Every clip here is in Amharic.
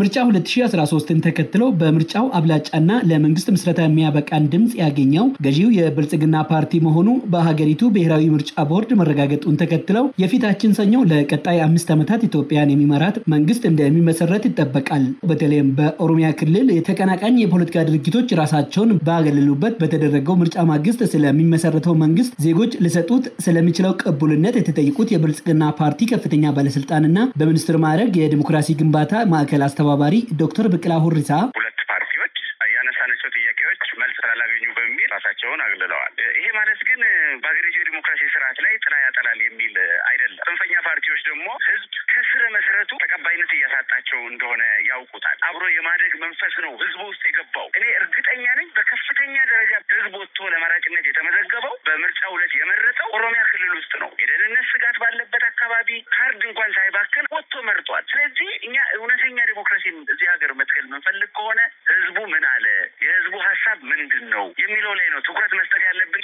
ምርጫ 2013ን ተከትለው በምርጫው አብላጫና ለመንግስት ምስረታ የሚያበቃን ድምፅ ያገኘው ገዢው የብልጽግና ፓርቲ መሆኑ በሀገሪቱ ብሔራዊ ምርጫ ቦርድ መረጋገጡን ተከትለው የፊታችን ሰኞ ለቀጣይ አምስት ዓመታት ኢትዮጵያን የሚመራት መንግስት እንደሚመሰረት ይጠበቃል። በተለይም በኦሮሚያ ክልል የተቀናቃኝ የፖለቲካ ድርጅቶች ራሳቸውን ባገለሉበት በተደረገው ምርጫ ማግስት ስለሚመሰረተው መንግስት ዜጎች ሊሰጡት ስለሚችለው ቅቡልነት የተጠየቁት የብልጽግና ፓርቲ ከፍተኛ ባለስልጣንና በሚኒስትር ማዕረግ የዲሞክራሲ ግንባታ ማዕከል አስተባ አስተባባሪ ዶክተር ብቅላ ሁሪሳ ሁለት ፓርቲዎች ያነሳናቸው ጥያቄዎች መልስ ስላላገኙ በሚል ራሳቸውን አግልለዋል። ይሄ ማለት ግን በሀገሪቱ የዲሞክራሲ ስርዓት ላይ ጥላ ያጠላል የሚል አይደለም። ጽንፈኛ ፓርቲዎች ደግሞ ህዝብ ስረ መሰረቱ ተቀባይነት እያሳጣቸው እንደሆነ ያውቁታል። አብሮ የማደግ መንፈስ ነው ህዝቡ ውስጥ የገባው። እኔ እርግጠኛ ነኝ በከፍተኛ ደረጃ ህዝብ ወጥቶ ለመራጭነት የተመዘገበው በምርጫ ሁለት የመረጠው ኦሮሚያ ክልል ውስጥ ነው። የደህንነት ስጋት ባለበት አካባቢ ካርድ እንኳን ሳይባክን ወጥቶ መርጧል። ስለዚህ እኛ እውነተኛ ዲሞክራሲን እዚህ ሀገር መትከል የምንፈልግ ከሆነ ህዝቡ ምን አለ፣ የህዝቡ ሀሳብ ምንድን ነው የሚለው ላይ ነው ትኩረት መስጠት ያለብን።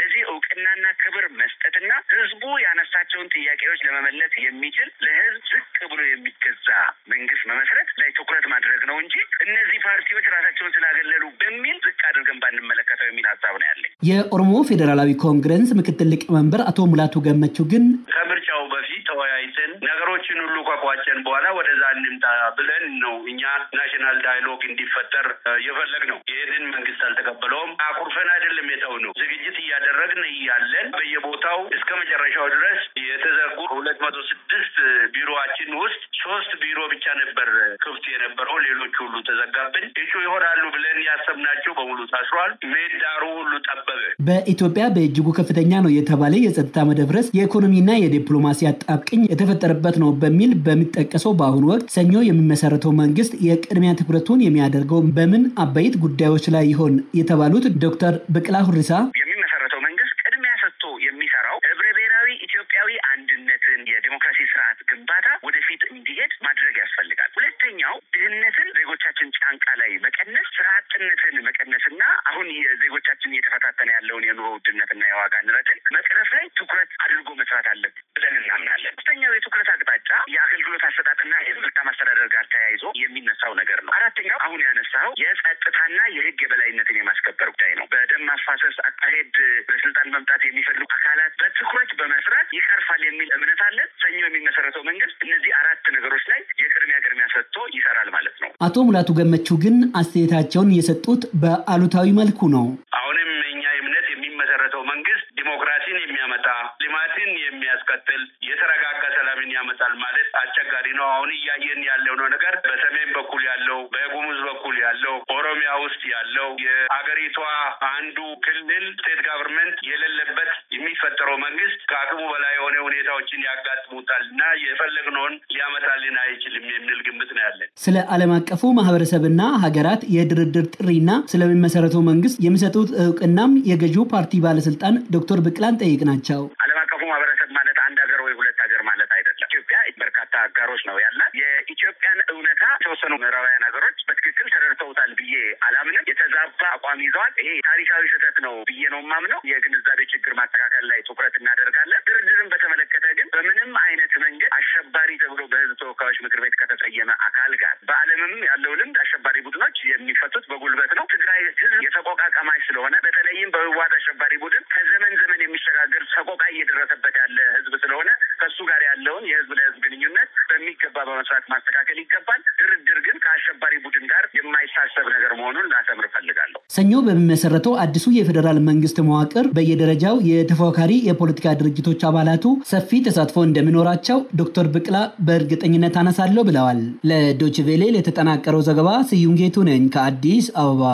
እውቅናና ክብር መስጠትና ህዝቡ ያነሳቸውን ጥያቄዎች ለመመለስ የሚችል ለህዝብ ዝቅ ብሎ የሚገዛ መንግስት መመስረት ላይ ትኩረት ማድረግ ነው እንጂ እነዚህ ፓርቲዎች ራሳቸውን ስላገለሉ በሚል ዝቅ አድርገን ባንመለከተው የሚል ሀሳብ ነው ያለኝ። የኦሮሞ ፌዴራላዊ ኮንግረስ ምክትል ሊቀመንበር አቶ ሙላቱ ገመቹ ግን ነገሮችን ሁሉ ከቋጨን በኋላ ወደዛ እንምጣ ብለን ነው እኛ ናሽናል ዳይሎግ እንዲፈጠር የፈለግ ነው። ይህንን መንግስት አልተቀበለውም። አኩርፈን አይደለም የተው ነው ዝግጅት እያደረግን እያለን በየቦታው እስከ መጨረሻው ድረስ መቶ ስድስት ቢሮዋችን ውስጥ ሶስት ቢሮ ብቻ ነበር ክፍት የነበረው፣ ሌሎች ሁሉ ተዘጋብን። እጩ ይሆናሉ ብለን ያሰብናቸው በሙሉ ታስሯል። ምህዳሩ ሁሉ ጠበበ። በኢትዮጵያ በእጅጉ ከፍተኛ ነው የተባለ የጸጥታ መደፍረስ የኢኮኖሚና የዲፕሎማሲ አጣብቅኝ የተፈጠረበት ነው በሚል በሚጠቀሰው በአሁኑ ወቅት ሰኞ የሚመሰረተው መንግስት የቅድሚያ ትኩረቱን የሚያደርገው በምን አበይት ጉዳዮች ላይ ይሆን የተባሉት ዶክተር ብቅላ ሁሪሳ የዲሞክራሲ ስርዓት ግንባታ ወደፊት እንዲሄድ ማድረግ ያስፈልጋል። ሁለተኛው ድህነትን ዜጎቻችን ጫንቃ ላይ መቀነስ፣ ስርዓትነትን መቀነስና አሁን የዜጎቻችን እየተፈታተነ ያለውን የኑሮ ውድነትና የዋጋ ንረትን መቅረፍ ላይ ትኩረት አድርጎ መስራት አለብን ብለን እናምናለን። ሶስተኛው የትኩረት አቅጣጫ የአገልግሎት አሰጣጥና የመልካም አስተዳደር ጋር ተያይዞ የሚነሳው ነገር ነው። አራተኛው አሁን ያነሳው የጸጥታና የህግ የበላይነትን የማስከበር ጉዳይ ነው። በደም ማፋሰስ አካሄድ በስልጣን መምጣት የሚፈልጉ አካላት በትኩረት በመስራት ይቀርፋል የሚል እምነት የመሰረተው መንግስት እነዚህ አራት ነገሮች ላይ የቅድሚያ ቅድሚያ ሰጥቶ ይሰራል ማለት ነው። አቶ ሙላቱ ገመቹ ግን አስተያየታቸውን የሰጡት በአሉታዊ መልኩ ነው። አሁንም እኛ እምነት የሚመሰረተው መንግስት ዲሞክራሲን የሚያመጣ ልማትን የሚያስቀጥል የተረጋ ያመጣል ማለት አስቸጋሪ ነው። አሁን እያየን ያለው ነው ነገር በሰሜን በኩል ያለው በጉሙዝ በኩል ያለው ኦሮሚያ ውስጥ ያለው የአገሪቷ አንዱ ክልል ስቴት ጋቨርንመንት የሌለበት የሚፈጠረው መንግስት ከአቅሙ በላይ የሆነ ሁኔታዎችን ያጋጥሙታል እና የፈለግነውን ሊያመጣልን አይችልም የሚል ግምት ነው ያለን። ስለ ዓለም አቀፉ ማህበረሰብና ሀገራት የድርድር ጥሪና ስለሚመሰረተው መንግስት የሚሰጡት እውቅናም የገዢው ፓርቲ ባለስልጣን ዶክተር ብቅላን ጠይቅ ናቸው። የኢትዮጵያን እውነታ የተወሰኑ ምዕራባውያን ሀገሮች በትክክል ተረድተውታል ብዬ አላምንም። የተዛባ አቋም ይዘዋል። ይሄ ታሪካዊ ስህተት ነው ብዬ ነው የማምነው። የግንዛቤ ችግር ማስተካከል ላይ ትኩረት እናደርጋለን። ድርድርን በተመለከተ ግን በምንም አይነት መንገድ አሸባሪ ተብሎ በህዝብ ተወካዮች ምክር ቤት ከተሰየመ አካል ጋር በዓለምም ያለው ልምድ አሸባሪ ቡድኖች የሚፈቱት በጉልበት ነው። ትግራይ ህዝብ የሰቆቃ ስለሆነ በተለይም በህወሓት አሸባሪ ቡድን ከዘመን ዘመን የሚሸጋገር ሰቆቃ እየደረሰበት ያለ ህዝብ ስለሆነ ከእሱ ጋር ያለውን የህዝብ ለህዝብ በሚገባ በመስራት ማስተካከል ይገባል። ድርድር ግን ከአሸባሪ ቡድን ጋር የማይታሰብ ነገር መሆኑን ላሰምር እፈልጋለሁ። ሰኞ በሚመሰረተው አዲሱ የፌዴራል መንግስት መዋቅር በየደረጃው የተፎካካሪ የፖለቲካ ድርጅቶች አባላቱ ሰፊ ተሳትፎ እንደሚኖራቸው ዶክተር ብቅላ በእርግጠኝነት አነሳለሁ ብለዋል። ለዶችቬሌ የተጠናቀረው ዘገባ ስዩም ጌቱ ነኝ ከአዲስ አበባ።